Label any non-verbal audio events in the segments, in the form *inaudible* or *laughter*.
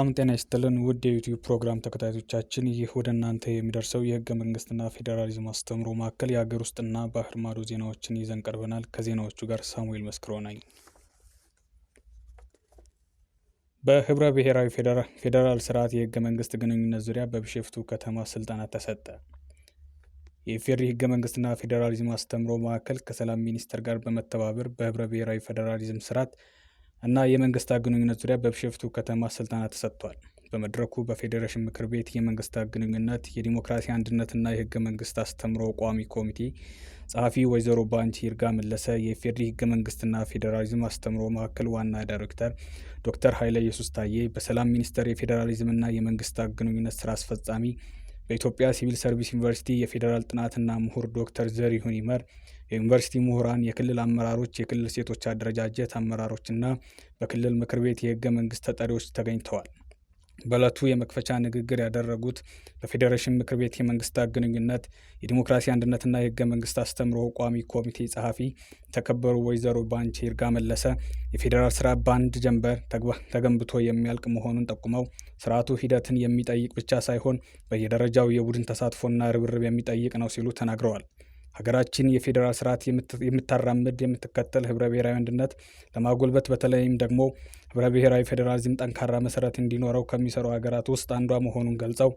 ሰላም ጤና ይስጥልን ውድ የዩቲዩብ ፕሮግራም ተከታዮቻችን ይህ ወደ እናንተ የሚደርሰው የህገ መንግስትና ፌዴራሊዝም አስተምሮ ማዕከል የሀገር ውስጥና ባህር ማዶ ዜናዎችን ይዘን ቀርበናል። ከዜናዎቹ ጋር ሳሙኤል መስክሮ ነኝ። በህብረ ብሔራዊ ፌዴራል ስርዓት የህገ መንግስት ግንኙነት ዙሪያ በቢሾፍቱ ከተማ ስልጠና ተሰጠ። የኢፌዴሪ ህገ መንግስትና ፌዴራሊዝም አስተምሮ ማዕከል ከሰላም ሚኒስቴር ጋር በመተባበር በህብረ ብሔራዊ ፌዴራሊዝም ስርዓት እና የመንግስታት ግንኙነት ዙሪያ በቢሾፍቱ ከተማ ስልጠና ተሰጥቷል። በመድረኩ በፌዴሬሽን ምክር ቤት የመንግስታት ግንኙነት የዲሞክራሲ አንድነትና የህገ መንግስት አስተምሮ ቋሚ ኮሚቴ ጸሐፊ ወይዘሮ ባንቺ ይርጋ መለሰ፣ የኢፌዴሪ ህገ መንግስትና ፌዴራሊዝም አስተምሮ ማዕከል ዋና ዳይሬክተር ዶክተር ኃይለ ኢየሱስ ታዬ፣ በሰላም ሚኒስቴር የፌዴራሊዝምና የመንግስታት ግንኙነት ስራ አስፈጻሚ በኢትዮጵያ ሲቪል ሰርቪስ ዩኒቨርሲቲ የፌዴራል ጥናትና ምሁር ዶክተር ዘሪሁን ይመር፣ የዩኒቨርሲቲ ምሁራን፣ የክልል አመራሮች፣ የክልል ሴቶች አደረጃጀት አመራሮችና በክልል ምክር ቤት የህገ መንግስት ተጠሪዎች ተገኝተዋል። በለቱ የመክፈቻ ንግግር ያደረጉት በፌዴሬሽን ምክር ቤት የመንግስታት ግንኙነት የዲሞክራሲ አንድነትና የህገ መንግስት አስተምሮ ቋሚ ኮሚቴ ጸሐፊ የተከበሩ ወይዘሮ ባንቺ ይርጋ መለሰ የፌዴራል ስራ በአንድ ጀንበር ተገንብቶ የሚያልቅ መሆኑን ጠቁመው ስርዓቱ ሂደትን የሚጠይቅ ብቻ ሳይሆን በየደረጃው የቡድን ተሳትፎና ርብርብ የሚጠይቅ ነው ሲሉ ተናግረዋል። ሀገራችን የፌዴራል ስርዓት የምታራምድ የምትከተል ህብረ ብሔራዊ አንድነት ለማጎልበት በተለይም ደግሞ ህብረ ብሔራዊ ፌዴራሊዝም ጠንካራ መሰረት እንዲኖረው ከሚሰሩ ሀገራት ውስጥ አንዷ መሆኑን ገልጸው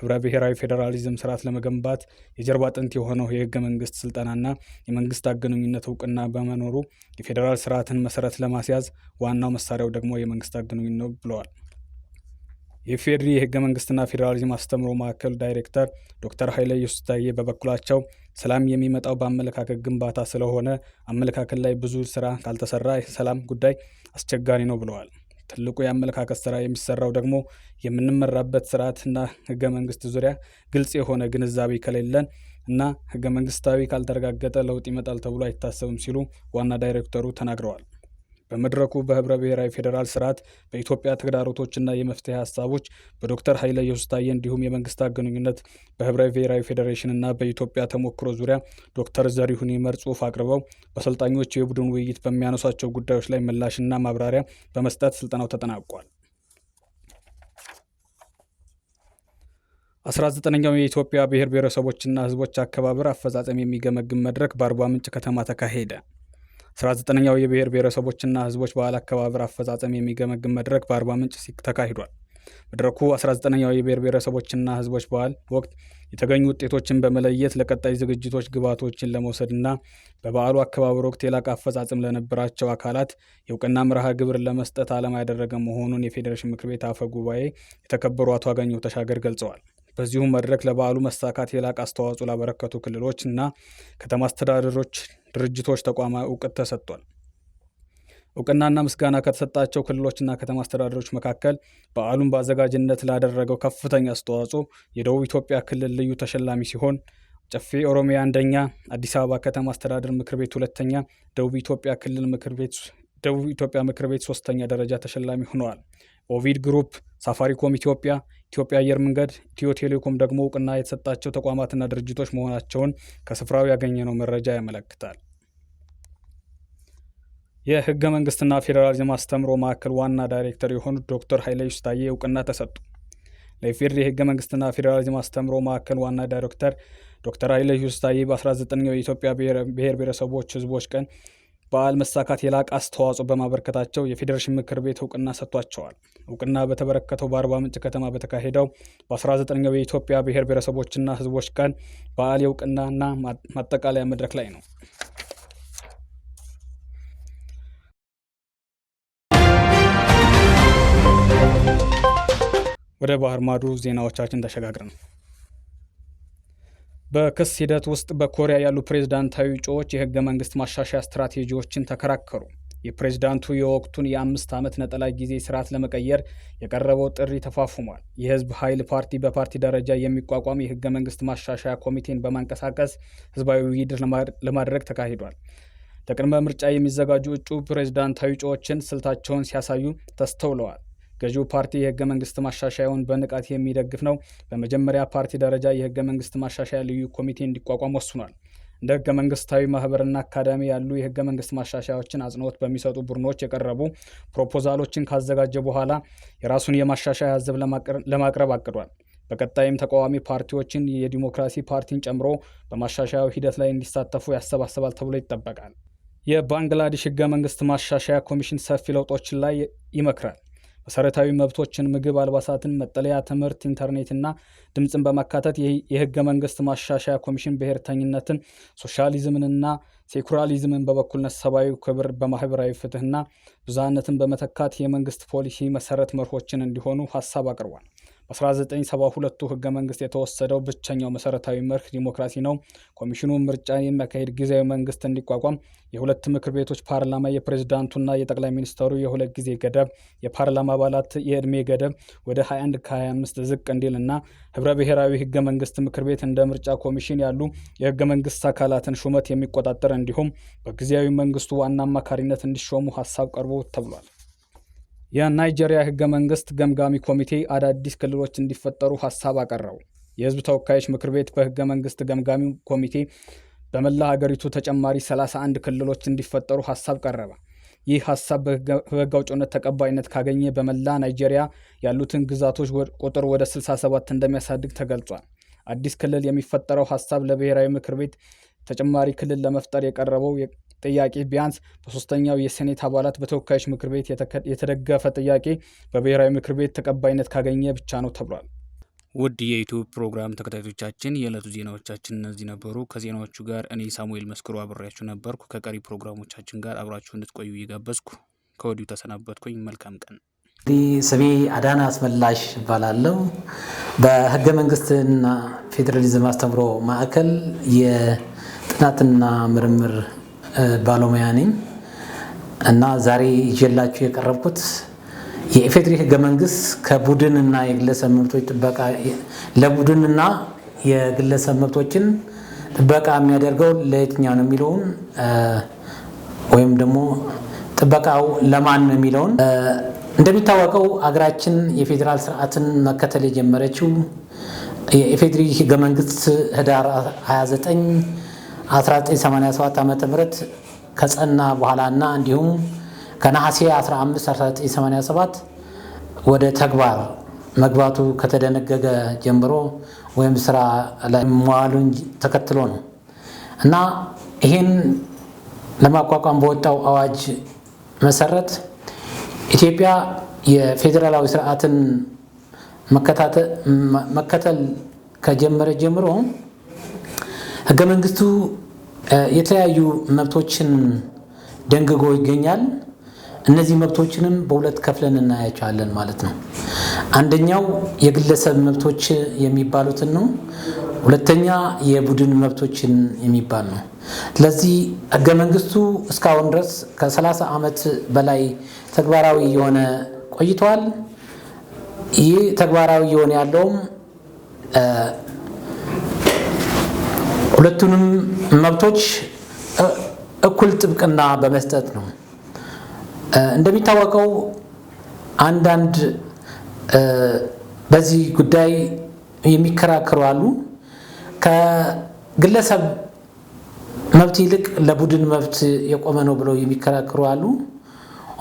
ህብረ ብሔራዊ ፌዴራሊዝም ስርዓት ለመገንባት የጀርባ አጥንት የሆነው የህገ መንግስት ስልጠናና የመንግስት አገንኙነት እውቅና በመኖሩ የፌዴራል ስርዓትን መሰረት ለማስያዝ ዋናው መሳሪያው ደግሞ የመንግስት አገንኙነት ነው ብለዋል። የፌዴሪ የህገ መንግስትና ፌዴራሊዝም አስተምሮ ማዕከል ዳይሬክተር ዶክተር ኃይለ ኢየሱስ ታዬ በበኩላቸው ሰላም የሚመጣው በአመለካከት ግንባታ ስለሆነ አመለካከት ላይ ብዙ ስራ ካልተሰራ የሰላም ጉዳይ አስቸጋሪ ነው ብለዋል። ትልቁ የአመለካከት ስራ የሚሰራው ደግሞ የምንመራበት ስርዓትና ህገ መንግስት ዙሪያ ግልጽ የሆነ ግንዛቤ ከሌለን እና ህገ መንግስታዊ ካልተረጋገጠ ለውጥ ይመጣል ተብሎ አይታሰብም ሲሉ ዋና ዳይሬክተሩ ተናግረዋል። በመድረኩ በህብረ ብሔራዊ ፌዴራል ስርዓት በኢትዮጵያ ተግዳሮቶችና የመፍትሄ ሀሳቦች በዶክተር ኃይለ ኢየሱስ ታዬ እንዲሁም የመንግስታት ግንኙነት በህብረ ብሔራዊ ፌዴሬሽንና በኢትዮጵያ ተሞክሮ ዙሪያ ዶክተር ዘሪሁን ይመር ጽሑፍ አቅርበው በሰልጣኞች የቡድን ውይይት በሚያነሷቸው ጉዳዮች ላይ ምላሽና ማብራሪያ በመስጠት ስልጠናው ተጠናቋል። 19 19ኛው የኢትዮጵያ ብሔር ብሔረሰቦችና ህዝቦች አከባበር አፈጻጸም የሚገመግም መድረክ በአርባ ምንጭ ከተማ ተካሄደ። አስራ ዘጠነኛው የብሔር ብሔረሰቦችና ህዝቦች በዓል አከባበር አፈጻጸም የሚገመግም መድረክ በአርባ ምንጭ ተካሂዷል። መድረኩ 19ኛው የብሔር ብሔረሰቦችና ህዝቦች በዓል ወቅት የተገኙ ውጤቶችን በመለየት ለቀጣይ ዝግጅቶች ግብዓቶችን ለመውሰድና በበዓሉ አከባበር ወቅት የላቀ አፈጻጸም ለነበራቸው አካላት የእውቅና መርሃ ግብር ለመስጠት ዓላማ ያደረገ መሆኑን የፌዴሬሽን ምክር ቤት አፈ ጉባኤ የተከበሩ አቶ አገኘሁ ተሻገር ገልጸዋል። በዚሁም መድረክ ለበዓሉ መሳካት የላቅ አስተዋጽኦ ላበረከቱ ክልሎች እና ከተማ አስተዳደሮች፣ ድርጅቶች፣ ተቋማዊ እውቅት ተሰጥቷል። እውቅናና ምስጋና ከተሰጣቸው ክልሎችና ከተማ አስተዳደሮች መካከል በዓሉን በአዘጋጅነት ላደረገው ከፍተኛ አስተዋጽኦ የደቡብ ኢትዮጵያ ክልል ልዩ ተሸላሚ ሲሆን ጨፌ ኦሮሚያ አንደኛ፣ አዲስ አበባ ከተማ አስተዳደር ምክር ቤት ሁለተኛ፣ ደቡብ ኢትዮጵያ ክልል ምክር ቤት ደቡብ ኢትዮጵያ ምክር ቤት ሶስተኛ ደረጃ ተሸላሚ ሆነዋል። ኦቪድ ግሩፕ፣ ሳፋሪኮም ኢትዮጵያ፣ ኢትዮጵያ አየር መንገድ፣ ኢትዮ ቴሌኮም ደግሞ እውቅና የተሰጣቸው ተቋማትና ድርጅቶች መሆናቸውን ከስፍራው ያገኘነው መረጃ ያመለክታል። የህገ መንግስትና ፌዴራሊዝም አስተምሮ ማዕከል ዋና ዳይሬክተር የሆኑት ዶክተር ኃይለ ዩስታዬ እውቅና ተሰጡ። ለኢፌዴሪ የህገ መንግስትና ፌዴራሊዝም አስተምሮ ማዕከል ዋና ዳይሬክተር ዶክተር ኃይለ ዩስታዬ በ19ኛው የኢትዮጵያ ብሔር ብሔረሰቦች ህዝቦች ቀን በዓል መሳካት የላቀ አስተዋጽኦ በማበረከታቸው የፌዴሬሽን ምክር ቤት እውቅና ሰጥቷቸዋል። እውቅና በተበረከተው በአርባ ምንጭ ከተማ በተካሄደው በ19ኛው የኢትዮጵያ ብሔር ብሔረሰቦችና ሕዝቦች ቀን በዓል የእውቅናና ማጠቃለያ መድረክ ላይ ነው። ወደ ባህር ማዶ ዜናዎቻችን ተሸጋግረን በክስ ሂደት ውስጥ በኮሪያ ያሉ ፕሬዝዳንታዊ እጩዎች የህገ መንግስት ማሻሻያ ስትራቴጂዎችን ተከራከሩ። የፕሬዝዳንቱ የወቅቱን የአምስት ዓመት ነጠላ ጊዜ ስርዓት ለመቀየር የቀረበው ጥሪ ተፋፉሟል። የህዝብ ኃይል ፓርቲ በፓርቲ ደረጃ የሚቋቋም የህገ መንግስት ማሻሻያ ኮሚቴን በማንቀሳቀስ ህዝባዊ ውይይት ለማድረግ ተካሂዷል። ለቅድመ ምርጫ የሚዘጋጁ እጩ ፕሬዝዳንታዊ እጩዎችን ስልታቸውን ሲያሳዩ ተስተውለዋል። ገዢው ፓርቲ የህገ መንግስት ማሻሻያውን በንቃት የሚደግፍ ነው። በመጀመሪያ ፓርቲ ደረጃ የህገ መንግስት ማሻሻያ ልዩ ኮሚቴ እንዲቋቋም ወስኗል። እንደ ህገ መንግስታዊ ማህበርና አካዳሚ ያሉ የህገ መንግስት ማሻሻያዎችን አጽንኦት በሚሰጡ ቡድኖች የቀረቡ ፕሮፖዛሎችን ካዘጋጀ በኋላ የራሱን የማሻሻያ ህዝብ ለማቅረብ አቅዷል። በቀጣይም ተቃዋሚ ፓርቲዎችን የዲሞክራሲ ፓርቲን ጨምሮ በማሻሻያው ሂደት ላይ እንዲሳተፉ ያሰባስባል ተብሎ ይጠበቃል። የባንግላዴሽ ህገ መንግስት ማሻሻያ ኮሚሽን ሰፊ ለውጦችን ላይ ይመክራል። መሰረታዊ መብቶችን፣ ምግብ፣ አልባሳትን፣ መጠለያ፣ ትምህርት፣ ኢንተርኔትና ድምፅን በማካተት የህገ መንግስት ማሻሻያ ኮሚሽን ብሔርተኝነትን፣ ሶሻሊዝምንና ሴኩራሊዝምን በበኩልነት ሰብአዊ ክብር በማህበራዊ ፍትህና ብዝሃነትን በመተካት የመንግስት ፖሊሲ መሰረት መርሆችን እንዲሆኑ ሀሳብ አቅርቧል። በ1972ቱ ህገ መንግስት የተወሰደው ብቸኛው መሰረታዊ መርህ ዲሞክራሲ ነው። ኮሚሽኑ ምርጫ የሚያካሄድ ጊዜያዊ መንግስት እንዲቋቋም የሁለት ምክር ቤቶች ፓርላማ፣ የፕሬዝዳንቱና የጠቅላይ ሚኒስተሩ የሁለት ጊዜ ገደብ፣ የፓርላማ አባላት የእድሜ ገደብ ወደ 21 ከ25 ዝቅ እንዲል እና ህብረ ብሔራዊ ህገ መንግስት ምክር ቤት እንደ ምርጫ ኮሚሽን ያሉ የህገ መንግስት አካላትን ሹመት የሚቆጣጠር እንዲሁም በጊዜያዊ መንግስቱ ዋና አማካሪነት እንዲሾሙ ሀሳብ ቀርቦ ተብሏል። የናይጄሪያ ህገ መንግስት ገምጋሚ ኮሚቴ አዳዲስ ክልሎች እንዲፈጠሩ ሀሳብ አቀረቡ። የህዝብ ተወካዮች ምክር ቤት በህገ መንግስት ገምጋሚ ኮሚቴ በመላ ሀገሪቱ ተጨማሪ 31 ክልሎች እንዲፈጠሩ ሀሳብ ቀረበ። ይህ ሀሳብ በህግ አውጭነት ተቀባይነት ካገኘ በመላ ናይጄሪያ ያሉትን ግዛቶች ቁጥር ወደ 67 እንደሚያሳድግ ተገልጿል። አዲስ ክልል የሚፈጠረው ሀሳብ ለብሔራዊ ምክር ቤት ተጨማሪ ክልል ለመፍጠር የቀረበው ጥያቄ ቢያንስ በሶስተኛው የሴኔት አባላት በተወካዮች ምክር ቤት የተደገፈ ጥያቄ በብሔራዊ ምክር ቤት ተቀባይነት ካገኘ ብቻ ነው ተብሏል። ውድ የዩቱብ ፕሮግራም ተከታዮቻችን የዕለቱ ዜናዎቻችን እነዚህ ነበሩ። ከዜናዎቹ ጋር እኔ ሳሙኤል መስክሮ አብሬያችሁ ነበርኩ። ከቀሪ ፕሮግራሞቻችን ጋር አብራችሁ እንድትቆዩ እየጋበዝኩ ከወዲሁ ተሰናበትኩኝ። መልካም ቀን። ስሜ አዳና አስመላሽ እባላለሁ። በህገ መንግስትና ፌዴራሊዝም አስተምሮ ማዕከል የጥናትና ምርምር ባለሙያ ነኝ እና ዛሬ ይዤላችሁ የቀረብኩት የኢፌድሪ ህገ መንግስት ከቡድንና የግለሰብ መብቶች ጥበቃ ለቡድንና የግለሰብ መብቶችን ጥበቃ የሚያደርገው ለየትኛው ነው የሚለውን ወይም ደግሞ ጥበቃው ለማን ነው የሚለውን እንደሚታወቀው አገራችን የፌዴራል ስርዓትን መከተል የጀመረችው የኢፌድሪ ህገ መንግስት ህዳር 29 1987 ዓ ም ከጸና በኋላና እንዲሁም ከነሐሴ 15 1987 ወደ ተግባር መግባቱ ከተደነገገ ጀምሮ ወይም ስራ ላይ መዋሉን ተከትሎ ነው እና ይህን ለማቋቋም በወጣው አዋጅ መሰረት ኢትዮጵያ የፌዴራላዊ ስርዓትን መከተል ከጀመረ ጀምሮ ህገ መንግስቱ የተለያዩ መብቶችን ደንግጎ ይገኛል። እነዚህ መብቶችንም በሁለት ከፍለን እናያቸዋለን ማለት ነው። አንደኛው የግለሰብ መብቶች የሚባሉትን ነው። ሁለተኛ የቡድን መብቶችን የሚባል ነው። ስለዚህ ህገ መንግስቱ እስካሁን ድረስ ከ30 ዓመት በላይ ተግባራዊ የሆነ ቆይተዋል። ይህ ተግባራዊ የሆነ ያለውም ሁለቱንም መብቶች እኩል ጥብቅና በመስጠት ነው። እንደሚታወቀው አንዳንድ በዚህ ጉዳይ የሚከራከሩ አሉ። ከግለሰብ መብት ይልቅ ለቡድን መብት የቆመ ነው ብለው የሚከራከሩ አሉ።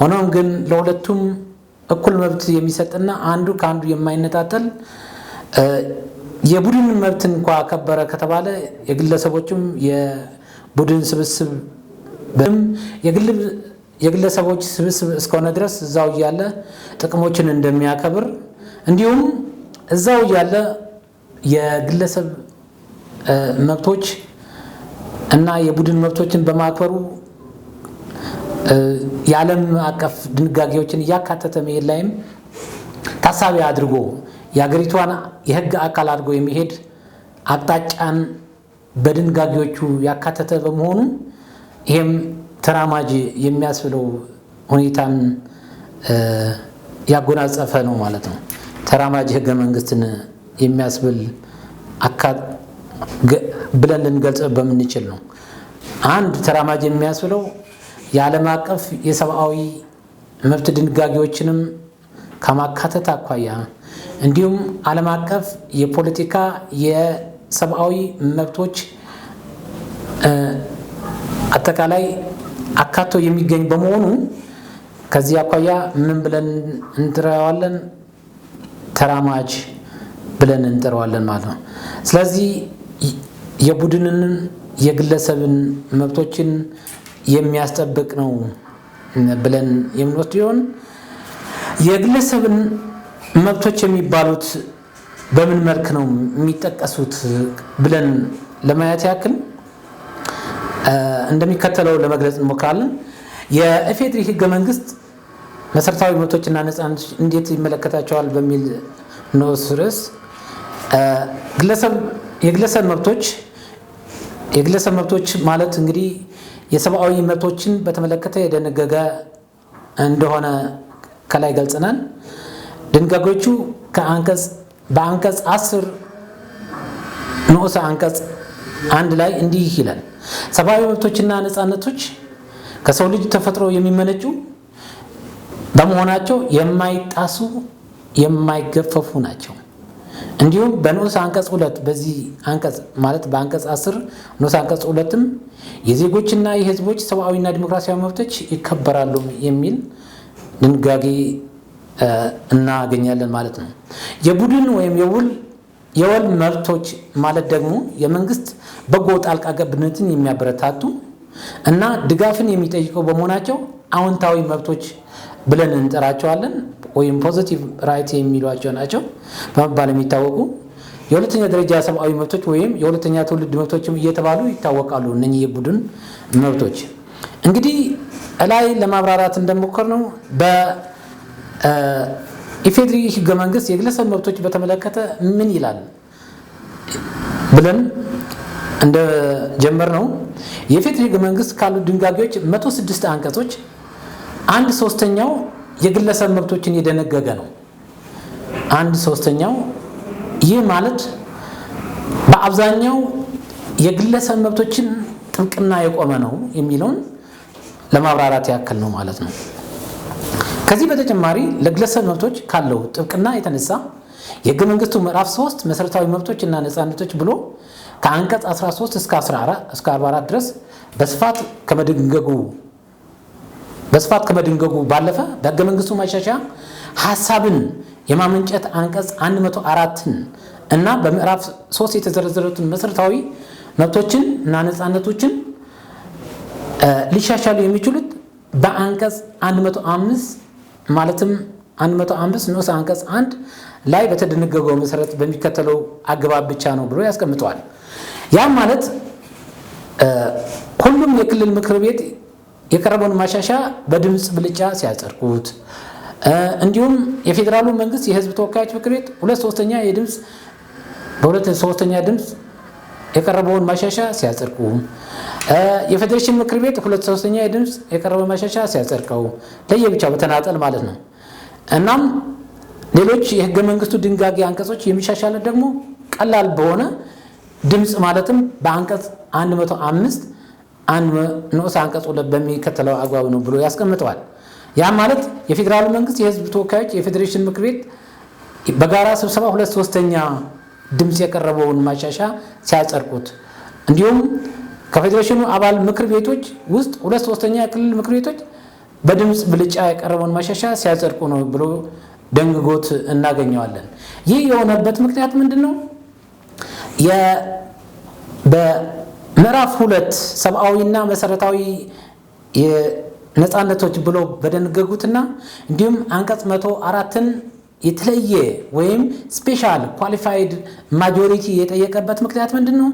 ሆኖም ግን ለሁለቱም እኩል መብት የሚሰጥና አንዱ ከአንዱ የማይነጣጠል የቡድን መብት እንኳ ከበረ ከተባለ የግለሰቦችም የቡድን ስብስብ የግለሰቦች ስብስብ እስከሆነ ድረስ እዛው እያለ ጥቅሞችን እንደሚያከብር እንዲሁም እዛው እያለ የግለሰብ መብቶች እና የቡድን መብቶችን በማክበሩ የዓለም አቀፍ ድንጋጌዎችን እያካተተ መሄድ ላይም ታሳቢ አድርጎ የሀገሪቷን የህግ አካል አድርጎ የሚሄድ አቅጣጫን በድንጋጌዎቹ ያካተተ በመሆኑ ይህም ተራማጅ የሚያስብለው ሁኔታን ያጎናጸፈ ነው ማለት ነው። ተራማጅ ህገ መንግስትን የሚያስብል ብለን ልንገልጽ በምንችል ነው። አንድ ተራማጅ የሚያስብለው የዓለም አቀፍ የሰብአዊ መብት ድንጋጌዎችንም ከማካተት አኳያ እንዲሁም ዓለም አቀፍ የፖለቲካ የሰብአዊ መብቶች አጠቃላይ አካቶ የሚገኝ በመሆኑ ከዚህ አኳያ ምን ብለን እንጥረዋለን? ተራማጅ ብለን እንጥረዋለን ማለት ነው። ስለዚህ የቡድንን የግለሰብን መብቶችን የሚያስጠብቅ ነው ብለን የምንወስድ ይሆን የግለሰብን መብቶች የሚባሉት በምን መልክ ነው የሚጠቀሱት ብለን ለማየት ያክል እንደሚከተለው ለመግለጽ እንሞክራለን። የኢፌዴሪ ህገ መንግስት መሰረታዊ መብቶችና ነጻነቶች እንዴት ይመለከታቸዋል በሚል ንዑስ ርዕስ የግለሰብ መብቶች የግለሰብ መብቶች ማለት እንግዲህ የሰብአዊ መብቶችን በተመለከተ የደነገገ እንደሆነ ከላይ ገልጽናል። ድንጋጌዎቹ በአንቀጽ አስር ንዑስ አንቀጽ አንድ ላይ እንዲህ ይላል። ሰብአዊ መብቶችና ነፃነቶች ከሰው ልጅ ተፈጥሮ የሚመነጩ በመሆናቸው የማይጣሱ የማይገፈፉ ናቸው። እንዲሁም በንዑስ አንቀጽ ሁለት በዚህ አንቀጽ ማለት በአንቀጽ አስር ንዑስ አንቀጽ ሁለትም የዜጎችና የህዝቦች ሰብአዊና ዲሞክራሲያዊ መብቶች ይከበራሉ የሚል ድንጋጌ እናገኛለን ማለት ነው። የቡድን ወይም የውል የወል መብቶች ማለት ደግሞ የመንግስት በጎ ጣልቃ ገብነትን የሚያበረታቱ እና ድጋፍን የሚጠይቀው በመሆናቸው አዎንታዊ መብቶች ብለን እንጠራቸዋለን ወይም ፖዚቲቭ ራይት የሚሏቸው ናቸው በመባል የሚታወቁ የሁለተኛ ደረጃ ሰብአዊ መብቶች ወይም የሁለተኛ ትውልድ መብቶችም እየተባሉ ይታወቃሉ። እነ የቡድን መብቶች እንግዲህ እላይ ለማብራራት እንደሞከር ነው ኢፌድሪ ህገ መንግስት የግለሰብ መብቶች በተመለከተ ምን ይላል ብለን እንደ ጀመር ነው የፌድሪ ህገ መንግስት ካሉ ድንጋጌዎች 106 አንቀጾች አንድ ሶስተኛው የግለሰብ መብቶችን የደነገገ ነው። አንድ ሶስተኛው ይህ ማለት በአብዛኛው የግለሰብ መብቶችን ጥብቅና የቆመ ነው የሚለውን ለማብራራት ያክል ነው ማለት ነው። ከዚህ በተጨማሪ ለግለሰብ መብቶች ካለው ጥብቅና የተነሳ የህገ መንግስቱ ምዕራፍ 3 መሰረታዊ መብቶች እና ነፃነቶች ብሎ ከአንቀጽ 13 እስከ 44 ድረስ በስፋት ከመደንገጉ በስፋት ከመደንገጉ ባለፈ በህገ መንግስቱ ማሻሻያ ሀሳብን የማመንጨት አንቀጽ 104ን እና በምዕራፍ 3 የተዘረዘሩትን መሰረታዊ መብቶችን እና ነፃነቶችን ሊሻሻሉ የሚችሉት በአንቀጽ 105 ማለትም 105 ንዑስ አንቀጽ አንድ ላይ በተደነገገው መሰረት በሚከተለው አግባብ ብቻ ነው ብሎ ያስቀምጠዋል። ያም ማለት ሁሉም የክልል ምክር ቤት የቀረበውን ማሻሻ በድምፅ ብልጫ ሲያጸድቁት እንዲሁም የፌዴራሉ መንግስት የህዝብ ተወካዮች ምክር ቤት ሁለት ሶስተኛ የድምፅ በሁለት ሶስተኛ ድምፅ የቀረበውን ማሻሻ ሲያጸድቁ የፌዴሬሽን ምክር ቤት ሁለት ሶስተኛ የድምፅ የቀረበውን ማሻሻ ሲያጸድቀው ለየብቻው በተናጠል ማለት ነው። እናም ሌሎች የህገ መንግስቱ ድንጋጌ አንቀጾች የሚሻሻለ ደግሞ ቀላል በሆነ ድምፅ ማለትም በአንቀጽ 105 ንዑስ አንቀጽ ሁለት በሚከተለው አግባብ ነው ብሎ ያስቀምጠዋል። ያም ማለት የፌዴራሉ መንግስት የህዝብ ተወካዮች የፌዴሬሽን ምክር ቤት በጋራ ስብሰባ ሁለት ሶስተኛ ድምፅ የቀረበውን ማሻሻ ሲያጸድቁት እንዲሁም ከፌዴሬሽኑ አባል ምክር ቤቶች ውስጥ ሁለት ሶስተኛ የክልል ምክር ቤቶች በድምፅ ብልጫ የቀረበውን ማሻሻ ሲያጸድቁ ነው ብሎ ደንግጎት እናገኘዋለን። ይህ የሆነበት ምክንያት ምንድን ነው? በምዕራፍ ሁለት ሰብአዊና መሰረታዊ ነፃነቶች ብሎ በደንገጉትና እንዲሁም አንቀጽ መቶ አራትን የተለየ ወይም ስፔሻል ኳሊፋይድ ማጆሪቲ የጠየቀበት ምክንያት ምንድን ነው?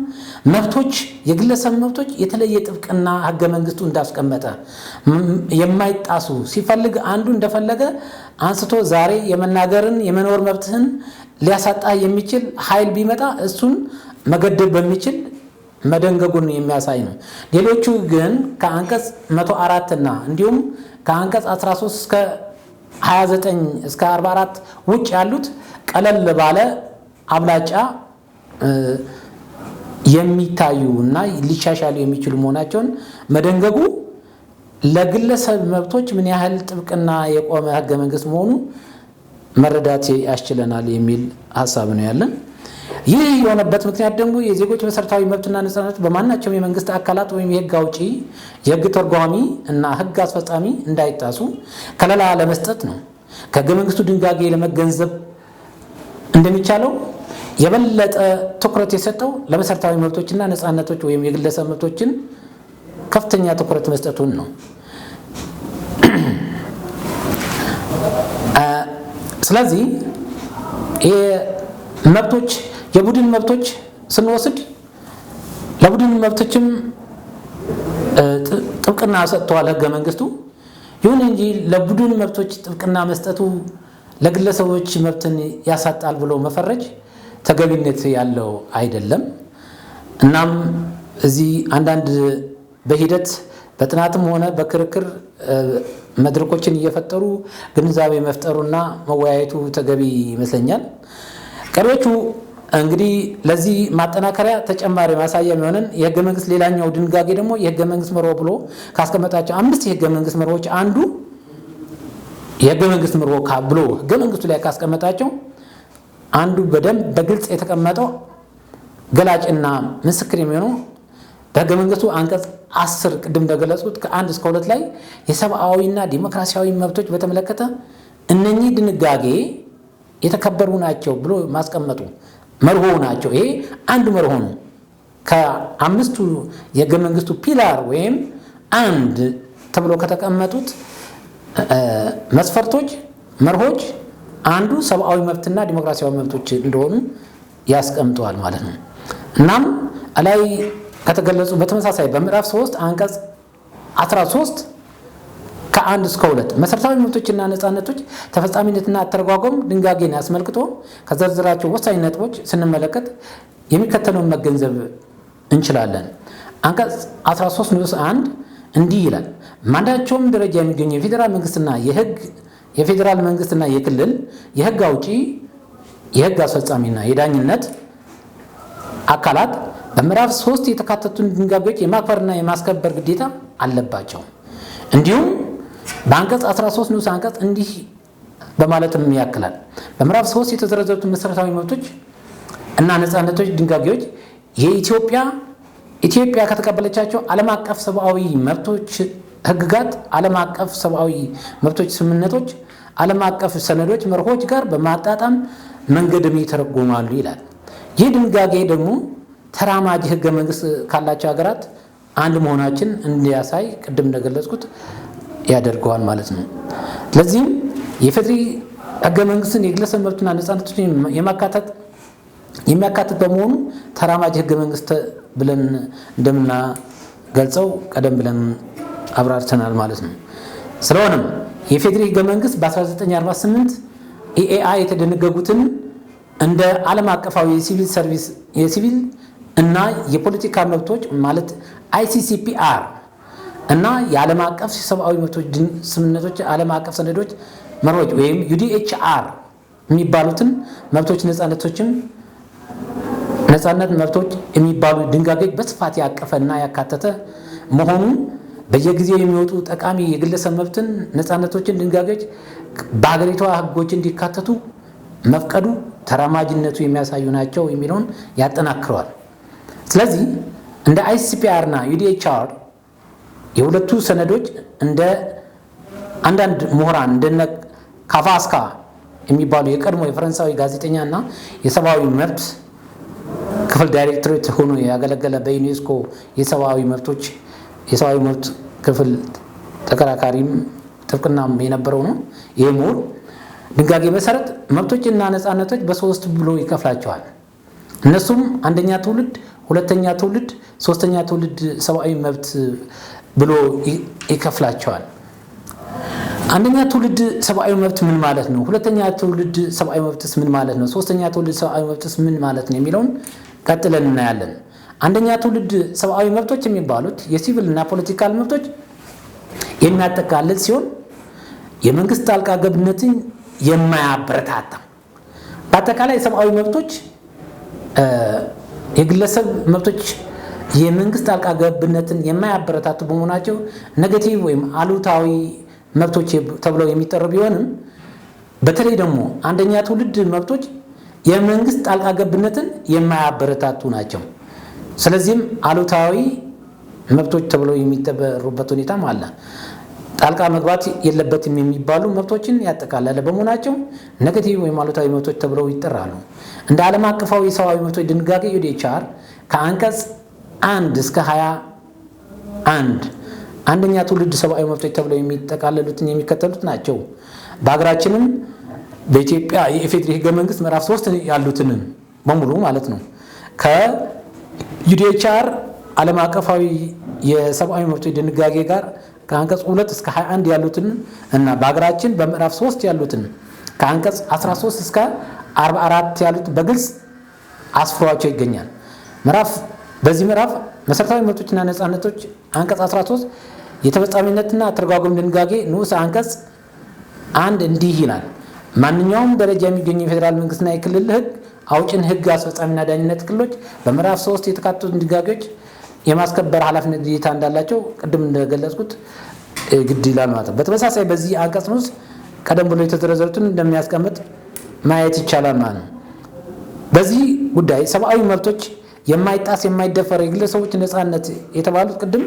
መብቶች የግለሰብ መብቶች የተለየ ጥብቅና ህገ መንግስቱ እንዳስቀመጠ የማይጣሱ ሲፈልግ አንዱ እንደፈለገ አንስቶ ዛሬ የመናገርን የመኖር መብትህን ሊያሳጣ የሚችል ኃይል ቢመጣ እሱን መገደብ በሚችል መደንገጉን የሚያሳይ ነው። ሌሎቹ ግን ከአንቀጽ 104 እና እንዲሁም ከአንቀጽ 13 እስከ 29 እስከ 44 ውጭ ያሉት ቀለል ባለ አብላጫ የሚታዩ እና ሊሻሻሉ የሚችሉ መሆናቸውን መደንገጉ ለግለሰብ መብቶች ምን ያህል ጥብቅና የቆመ ህገ መንግስት መሆኑ መረዳት ያስችለናል የሚል ሀሳብ ነው ያለን። ይህ የሆነበት ምክንያት ደግሞ የዜጎች መሰረታዊ መብትና ነፃነት በማናቸውም የመንግስት አካላት ወይም የህግ አውጪ፣ የህግ ተርጓሚ እና ህግ አስፈጻሚ እንዳይጣሱ ከለላ ለመስጠት ነው። ከህገ መንግስቱ ድንጋጌ ለመገንዘብ እንደሚቻለው የበለጠ ትኩረት የሰጠው ለመሰረታዊ መብቶችና ነፃነቶች ወይም የግለሰብ መብቶችን ከፍተኛ ትኩረት መስጠቱን ነው። *clears throat* ስለዚህ መብቶች የቡድን መብቶች ስንወስድ ለቡድን መብቶችም ጥብቅና ሰጥተዋል ህገ መንግስቱ። ይሁን እንጂ ለቡድን መብቶች ጥብቅና መስጠቱ ለግለሰቦች መብትን ያሳጣል ብሎ መፈረጅ ተገቢነት ያለው አይደለም። እናም እዚህ አንዳንድ በሂደት በጥናትም ሆነ በክርክር መድረኮችን እየፈጠሩ ግንዛቤ መፍጠሩና መወያየቱ ተገቢ ይመስለኛል። ቀሪዎቹ እንግዲህ ለዚህ ማጠናከሪያ ተጨማሪ ማሳያ የሚሆንን የህገ መንግስት ሌላኛው ድንጋጌ ደግሞ የህገ መንግስት መርሆ ብሎ ካስቀመጣቸው አምስት የህገ መንግስት መርሆች አንዱ የህገ መንግስት መርሆ ብሎ ህገ መንግስቱ ላይ ካስቀመጣቸው አንዱ በደንብ በግልጽ የተቀመጠው ገላጭና ምስክር የሚሆነው በህገ መንግስቱ አንቀጽ አስር ቅድም እንደገለጹት ከአንድ እስከ ሁለት ላይ የሰብአዊና ዲሞክራሲያዊ መብቶች በተመለከተ እነኚህ ድንጋጌ የተከበሩ ናቸው ብሎ ማስቀመጡ መርሆ ናቸው። ይሄ አንዱ መርሆ ነው። ከአምስቱ የህገ መንግስቱ ፒላር ወይም አንድ ተብሎ ከተቀመጡት መስፈርቶች መርሆች አንዱ ሰብአዊ መብትና ዲሞክራሲያዊ መብቶች እንደሆኑ ያስቀምጠዋል ማለት ነው። እናም ላይ ከተገለጹ በተመሳሳይ በምዕራፍ 3 አንቀጽ 13 ከአንድ እስከ ሁለት መሰረታዊ መብቶችና ነፃነቶች ተፈጻሚነትና አተረጓጎም ድንጋጌን አስመልክቶ ከዘርዝራቸው ወሳኝ ነጥቦች ስንመለከት የሚከተለውን መገንዘብ እንችላለን። አንቀጽ 13 ንዑስ 1 እንዲህ ይላል። ማንዳቸውም ደረጃ የሚገኙ የፌዴራል መንግስትና የህግ የፌዴራል መንግስትና የክልል የህግ አውጪ የህግ አስፈጻሚና የዳኝነት አካላት በምዕራፍ ሶስት የተካተቱን ድንጋጌዎች የማክበርና የማስከበር ግዴታ አለባቸው። እንዲሁም በአንቀጽ 13 ንዑስ አንቀጽ እንዲህ በማለትም ያክላል። በምዕራፍ ሶስት የተዘረዘሩትን መሰረታዊ መብቶች እና ነፃነቶች ድንጋጌዎች የኢትዮጵያ ኢትዮጵያ ከተቀበለቻቸው ዓለም አቀፍ ሰብአዊ መብቶች ህግጋት፣ ዓለም አቀፍ ሰብአዊ መብቶች ስምምነቶች፣ ዓለም አቀፍ ሰነዶች፣ መርሆች ጋር በማጣጣም መንገድም ይተረጎማሉ ይላል። ይህ ድንጋጌ ደግሞ ተራማጅ ህገ መንግስት ካላቸው ሀገራት አንድ መሆናችን እንዲያሳይ ቅድም እንደገለጽኩት ያደርገዋል ማለት ነው። ለዚህም የፌዴሪ ህገ መንግስትን የግለሰብ መብትና ነፃነቶችን የማካተት የሚያካትት በመሆኑ ተራማጅ ህገ መንግስት ብለን እንደምናገልጸው ቀደም ብለን አብራርተናል ማለት ነው። ስለሆነም የፌዴሪ ህገ መንግስት በ1948 ኢኤአይ የተደነገጉትን እንደ ዓለም አቀፋዊ የሲቪል ሰርቪስ የሲቪል እና የፖለቲካ መብቶች ማለት አይሲሲፒአር እና የዓለም አቀፍ ሰብአዊ መብቶች ስምምነቶች የዓለም አቀፍ ሰነዶች መሮጭ ወይም ዩዲኤችአር የሚባሉትን መብቶች ነፃነቶችም ነፃነት መብቶች የሚባሉ ድንጋጌዎች በስፋት ያቀፈ እና ያካተተ መሆኑ በየጊዜው የሚወጡ ጠቃሚ የግለሰብ መብትን ነፃነቶችን ድንጋጌዎች በሀገሪቷ ህጎች እንዲካተቱ መፍቀዱ ተራማጅነቱ የሚያሳዩ ናቸው የሚለውን ያጠናክረዋል። ስለዚህ እንደ አይሲፒአር እና ዩዲኤችአር የሁለቱ ሰነዶች እንደ አንዳንድ ምሁራን እንደነ ካፋስካ የሚባሉ የቀድሞ የፈረንሳዊ ጋዜጠኛ ና የሰብአዊ መብት ክፍል ዳይሬክቶሬት ሆኖ ያገለገለ በዩኔስኮ የሰብአዊ መብቶች የሰብአዊ መብት ክፍል ተከራካሪም ጥብቅና የነበረው ነው። ይህ ምሁር ድንጋጌ መሰረት መብቶችና ነፃነቶች በሶስት ብሎ ይከፍላቸዋል። እነሱም አንደኛ ትውልድ፣ ሁለተኛ ትውልድ፣ ሶስተኛ ትውልድ ሰብአዊ መብት ብሎ ይከፍላቸዋል። አንደኛ ትውልድ ሰብአዊ መብት ምን ማለት ነው? ሁለተኛ ትውልድ ሰብአዊ መብትስ ምን ማለት ነው? ሶስተኛ ትውልድ ሰብአዊ መብትስ ምን ማለት ነው የሚለውን ቀጥለን እናያለን። አንደኛ ትውልድ ሰብአዊ መብቶች የሚባሉት የሲቪል እና ፖለቲካል መብቶች የሚያጠቃልል ሲሆን የመንግስት ጣልቃ ገብነትን የማያበረታታ በአጠቃላይ ሰብአዊ መብቶች የግለሰብ መብቶች የመንግስት ጣልቃ ገብነትን የማያበረታቱ በመሆናቸው ነገቲቭ ወይም አሉታዊ መብቶች ተብለው የሚጠሩ ቢሆንም በተለይ ደግሞ አንደኛ ትውልድ መብቶች የመንግስት ጣልቃ ገብነትን የማያበረታቱ ናቸው። ስለዚህም አሉታዊ መብቶች ተብለው የሚጠበሩበት ሁኔታም አለ። ጣልቃ መግባት የለበትም የሚባሉ መብቶችን ያጠቃለለ በመሆናቸው ነገቲቭ ወይም አሉታዊ መብቶች ተብለው ይጠራሉ። እንደ ዓለም አቀፋዊ የሰብዊ መብቶች ድንጋጌ ዩዴቻር ከአንቀጽ አንድ እስከ ሀያ አንድ አንደኛ ትውልድ ሰብአዊ መብቶች ተብለው የሚጠቃለሉትን የሚከተሉት ናቸው። በሀገራችንም በኢትዮጵያ የኢፌዴሪ ህገ መንግስት ምዕራፍ ሶስት ያሉትንም በሙሉ ማለት ነው ከዩዲኤችአር ዓለም አቀፋዊ የሰብአዊ መብቶች ድንጋጌ ጋር ከአንቀጽ 2 እስከ 21 ያሉትን እና በሀገራችን በምዕራፍ 3 ያሉትን ከአንቀጽ 13 እስከ 44 ያሉት በግልጽ አስፍሯቸው ይገኛል። ምዕራፍ በዚህ ምዕራፍ መሰረታዊ መብቶችና ነፃነቶች አንቀጽ 13 የተፈጻሚነትና አተረጓጎም ድንጋጌ ንዑስ አንቀጽ አንድ እንዲህ ይላል። ማንኛውም ደረጃ የሚገኙ የፌዴራል መንግስትና የክልል ህግ አውጭን ህግ አስፈጻሚና ዳኝነት ክልሎች በምዕራፍ ሶስት የተካተቱትን ድንጋጌዎች የማስከበር ኃላፊነት ግዴታ እንዳላቸው ቅድም እንደገለጽኩት ግድ ይላል ማለት ነው። በተመሳሳይ በዚህ አንቀጽ ውስጥ ቀደም ብሎ የተዘረዘሩትን እንደሚያስቀምጥ ማየት ይቻላል ማለት ነው። በዚህ ጉዳይ ሰብአዊ መብቶች የማይጣስ የማይደፈር የግለሰቦች ነፃነት የተባሉት ቅድም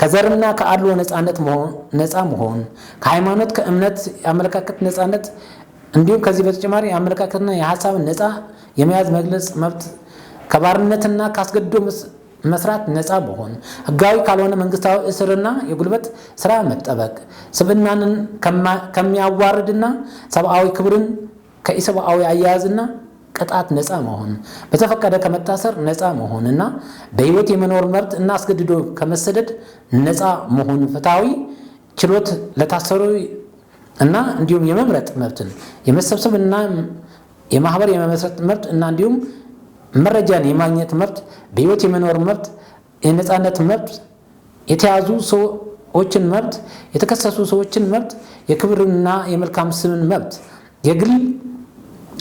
ከዘርና ከአድሎ ነፃነት ነፃ መሆን ከሃይማኖት ከእምነት የአመለካከት ነፃነት እንዲሁም ከዚህ በተጨማሪ የአመለካከትና የሀሳብ ነፃ የመያዝ መግለጽ መብት ከባርነትና ከአስገድዶ መስራት ነፃ መሆን ህጋዊ ካልሆነ መንግስታዊ እስርና የጉልበት ስራ መጠበቅ ስብናንን ከሚያዋርድና ሰብአዊ ክብርን ከኢሰብአዊ አያያዝና ቅጣት ነፃ መሆን በተፈቀደ ከመታሰር ነፃ መሆን እና በህይወት የመኖር መብት እና አስገድዶ ከመሰደድ ነፃ መሆን ፍትሐዊ ችሎት ለታሰሩ እና እንዲሁም የመምረጥ መብትን የመሰብሰብ እና የማህበር የመመስረት መብት እና እንዲሁም መረጃን የማግኘት መብት በህይወት የመኖር መብት የነፃነት መብት የተያዙ ሰዎችን መብት የተከሰሱ ሰዎችን መብት የክብርና የመልካም ስምን መብት የግል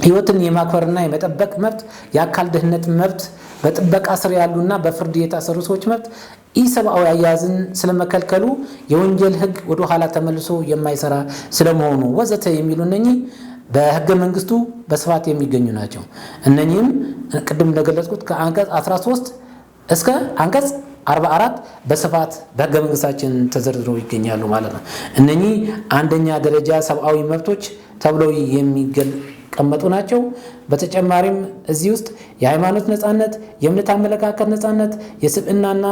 ህይወትን የማክበርና የመጠበቅ መብት፣ የአካል ደህንነት መብት፣ በጥበቃ ስር ያሉና በፍርድ የታሰሩ ሰዎች መብት ሰብአዊ አያያዝን ስለመከልከሉ የወንጀል ወደ ወደኋላ ተመልሶ የማይሰራ ስለመሆኑ ወዘተ የሚሉ እነህ በህገ መንግስቱ በስፋት የሚገኙ ናቸው። እነኚህም ቅድም እንደገለጽኩት ከአንቀጽ 13 እስከ አንቀጽ 44 በስፋት በህገ መንግስታችን ተዘርዝረው ይገኛሉ ማለት ነው። እነኚህ አንደኛ ደረጃ ሰብአዊ መብቶች ተብለው የሚገል የሚቀመጡ ናቸው። በተጨማሪም እዚህ ውስጥ የሃይማኖት ነፃነት፣ የእምነት አመለካከት ነፃነት፣ የስብዕናና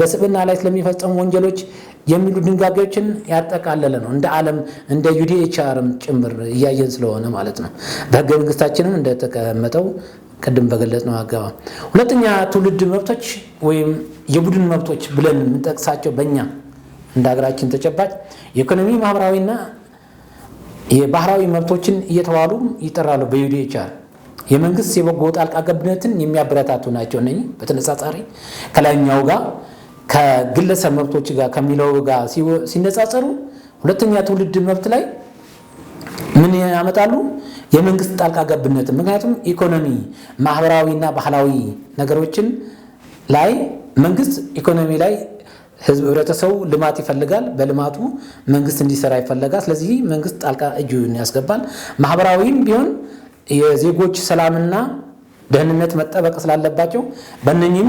በስብዕና ላይ ስለሚፈጸሙ ወንጀሎች የሚሉ ድንጋጌዎችን ያጠቃለለ ነው። እንደ ዓለም እንደ ዩዲኤችአርም ጭምር እያየን ስለሆነ ማለት ነው። በህገ መንግስታችንም እንደተቀመጠው ቅድም በገለጽ ነው አገባ ሁለተኛ ትውልድ መብቶች ወይም የቡድን መብቶች ብለን የምንጠቅሳቸው በእኛ እንደ ሀገራችን ተጨባጭ የኢኮኖሚ ማህበራዊና የባህራዊ መብቶችን እየተባሉ ይጠራሉ። በዩዲኤችአር የመንግስት የበጎ ጣልቃ ገብነትን የሚያበረታቱ ናቸው። እነ በተነጻጻሪ ከላይኛው ጋር ከግለሰብ መብቶች ጋር ከሚለው ጋር ሲነጻጸሩ ሁለተኛ ትውልድ መብት ላይ ምን ያመጣሉ? የመንግስት ጣልቃ ገብነት። ምክንያቱም ኢኮኖሚ፣ ማህበራዊ እና ባህላዊ ነገሮችን ላይ መንግስት ኢኮኖሚ ላይ ህዝብ ህብረተሰቡ ልማት ይፈልጋል። በልማቱ መንግስት እንዲሰራ ይፈልጋል። ስለዚህ መንግስት ጣልቃ እጁን ያስገባል። ማህበራዊም ቢሆን የዜጎች ሰላምና ደህንነት መጠበቅ ስላለባቸው በእነኝም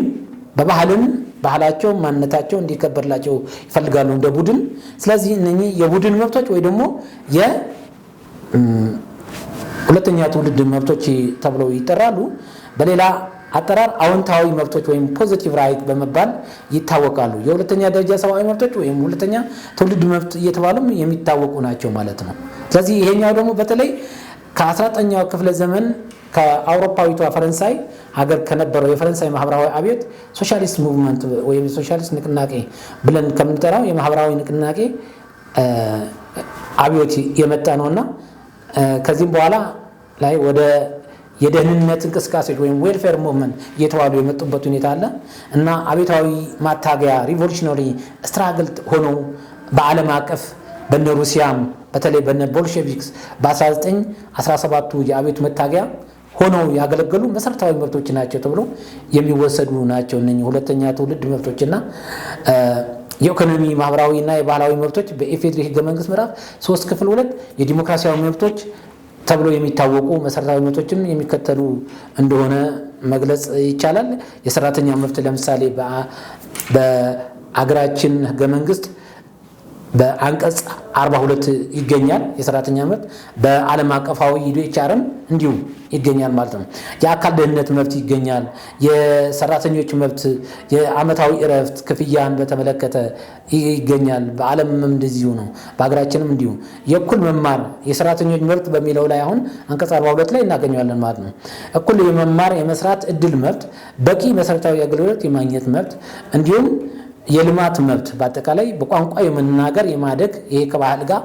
በባህልም ባህላቸው ማንነታቸው እንዲከበርላቸው ይፈልጋሉ እንደ ቡድን። ስለዚህ እነኚህ የቡድን መብቶች ወይ ደግሞ የሁለተኛ ትውልድ መብቶች ተብለው ይጠራሉ በሌላ አጠራር አዎንታዊ መብቶች ወይም ፖዚቲቭ ራይት በመባል ይታወቃሉ። የሁለተኛ ደረጃ ሰብአዊ መብቶች ወይም ሁለተኛ ትውልድ መብት እየተባሉም የሚታወቁ ናቸው ማለት ነው። ስለዚህ ይሄኛው ደግሞ በተለይ ከ19ኛው ክፍለ ዘመን ከአውሮፓዊቷ ፈረንሳይ ሀገር ከነበረው የፈረንሳይ ማህበራዊ አብዮት ሶሻሊስት ሙቭመንት ወይም ሶሻሊስት ንቅናቄ ብለን ከምንጠራው የማህበራዊ ንቅናቄ አብዮት የመጣ ነውና ከዚህም በኋላ ላይ ወደ የደህንነት እንቅስቃሴዎች ወይም ዌልፌር ሙቭመንት እየተባሉ የመጡበት ሁኔታ አለ እና አቤታዊ ማታገያ ሪቮሉሽነሪ ስትራግል ሆነው በዓለም አቀፍ በነ ሩሲያም በተለይ በነ ቦልሸቪክስ በ1917ቱ የአቤቱ መታገያ ሆነው ያገለገሉ መሰረታዊ መብቶች ናቸው ተብሎ የሚወሰዱ ናቸው። እነ ሁለተኛ ትውልድ መብቶችና የኢኮኖሚ ማህበራዊና የባህላዊ መብቶች በኢፌዴሪ ህገ መንግስት ምዕራፍ ሶስት ክፍል ሁለት የዲሞክራሲያዊ መብቶች ተብሎ የሚታወቁ መሰረታዊ መብቶችን የሚከተሉ እንደሆነ መግለጽ ይቻላል። የሰራተኛ መብት ለምሳሌ በአገራችን ህገ መንግስት በአንቀጽ 42 ይገኛል። የሰራተኛ መብት በዓለም አቀፋዊ ዩዲኤችአርም እንዲሁም ይገኛል ማለት ነው። የአካል ደህንነት መብት ይገኛል። የሰራተኞች መብት፣ የአመታዊ እረፍት ክፍያን በተመለከተ ይገኛል። በዓለምም እንደዚሁ ነው፣ በሀገራችንም እንዲሁ የእኩል መማር የሰራተኞች መብት በሚለው ላይ አሁን አንቀጽ 42 ላይ እናገኘዋለን ማለት ነው። እኩል የመማር የመስራት እድል መብት፣ በቂ መሰረታዊ አገልግሎት የማግኘት መብት እንዲሁም የልማት መብት በአጠቃላይ በቋንቋ የመናገር የማደግ ይሄ ከባህል ጋር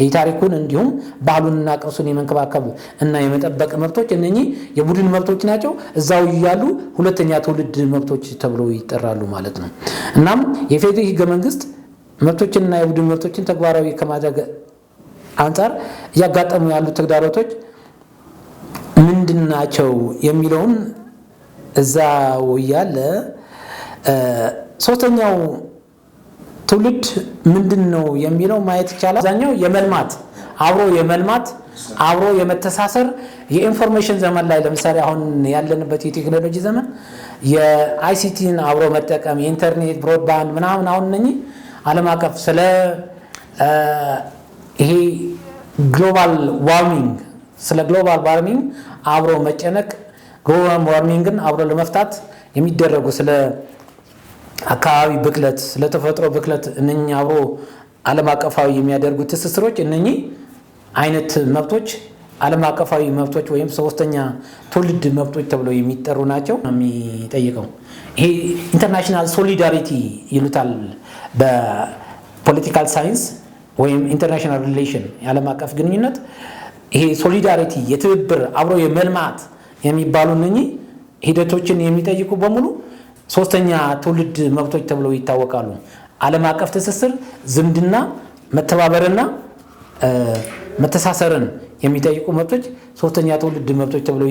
የታሪኩን እንዲሁም ባህሉንና ቅርሱን የመንከባከብ እና የመጠበቅ መብቶች እነኚህ የቡድን መብቶች ናቸው። እዛው እያሉ ሁለተኛ ትውልድ መብቶች ተብሎ ይጠራሉ ማለት ነው። እናም የፌዴ ህገ መንግስት መብቶችንና የቡድን መብቶችን ተግባራዊ ከማድረግ አንጻር እያጋጠሙ ያሉ ተግዳሮቶች ምንድናቸው ናቸው የሚለውን እዛው እያለ ሶስተኛው ትውልድ ምንድን ነው የሚለው ማየት ይቻላል። አብዛኛው የመልማት አብሮ የመልማት አብሮ የመተሳሰር የኢንፎርሜሽን ዘመን ላይ ለምሳሌ አሁን ያለንበት የቴክኖሎጂ ዘመን የአይሲቲን አብሮ መጠቀም የኢንተርኔት ብሮድባንድ ምናምን አሁን ነኝ አለም አቀፍ ስለ ይሄ ግሎባል ዋርሚንግ ስለ ግሎባል ዋርሚንግ አብሮ መጨነቅ ግሎባል ዋርሚንግን አብሮ ለመፍታት የሚደረጉ ስለ አካባቢ ብክለት፣ ስለተፈጥሮ ብክለት እነኚህ አብሮ ዓለም አቀፋዊ የሚያደርጉ ትስስሮች እነኚህ አይነት መብቶች ዓለም አቀፋዊ መብቶች ወይም ሶስተኛ ትውልድ መብቶች ተብለው የሚጠሩ ናቸው የሚጠይቀው። ይሄ ኢንተርናሽናል ሶሊዳሪቲ ይሉታል በፖለቲካል ሳይንስ ወይም ኢንተርናሽናል ሪሌሽን የዓለም አቀፍ ግንኙነት። ይሄ ሶሊዳሪቲ የትብብር አብሮ የመልማት የሚባሉ እነኚህ ሂደቶችን የሚጠይቁ በሙሉ ሶስተኛ ትውልድ መብቶች ተብለው ይታወቃሉ። ዓለም አቀፍ ትስስር፣ ዝምድና፣ መተባበርና መተሳሰርን የሚጠይቁ መብቶች ሶስተኛ ትውልድ መብቶች ተብለው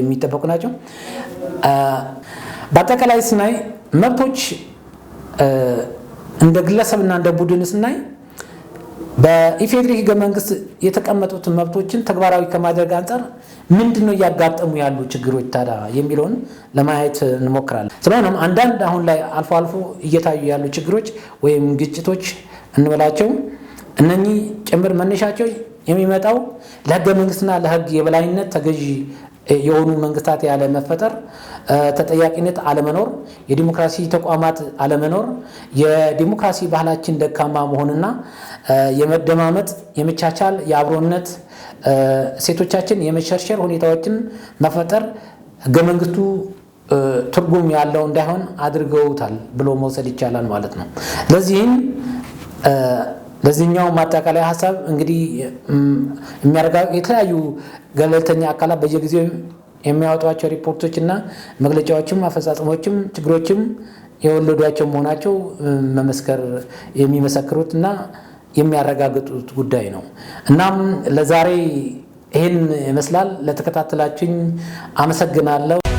የሚጠበቁ ናቸው። በአጠቃላይ ስናይ መብቶች እንደ ግለሰብና እንደ ቡድን ስናይ በኢፌዴሪ ህገ መንግስት የተቀመጡትን መብቶችን ተግባራዊ ከማድረግ አንጻር ምንድን ነው እያጋጠሙ ያሉ ችግሮች ታዲያ የሚለውን ለማየት እንሞክራለን። ስለሆነም አንዳንድ አሁን ላይ አልፎ አልፎ እየታዩ ያሉ ችግሮች ወይም ግጭቶች እንበላቸው እነኚህ ጭምር መነሻቸው የሚመጣው ለህገ መንግስትና ለህግ የበላይነት ተገዢ የሆኑ መንግስታት ያለ መፈጠር፣ ተጠያቂነት አለመኖር፣ የዲሞክራሲ ተቋማት አለመኖር፣ የዲሞክራሲ ባህላችን ደካማ መሆንና የመደማመጥ፣ የመቻቻል፣ የአብሮነት ሴቶቻችን የመሸርሸር ሁኔታዎችን መፈጠር ህገ መንግስቱ ትርጉም ያለው እንዳይሆን አድርገውታል ብሎ መውሰድ ይቻላል ማለት ነው። ለዚህም ለዚህኛው ማጠቃለያ ሀሳብ እንግዲህ የሚያደርጋ የተለያዩ ገለልተኛ አካላት በየጊዜው የሚያወጧቸው ሪፖርቶች እና መግለጫዎችም አፈጻጽሞችም ችግሮችም የወለዷቸው መሆናቸው መመስከር የሚመሰክሩት እና የሚያረጋግጡት ጉዳይ ነው። እናም ለዛሬ ይህን ይመስላል። ለተከታተላችኝ አመሰግናለሁ።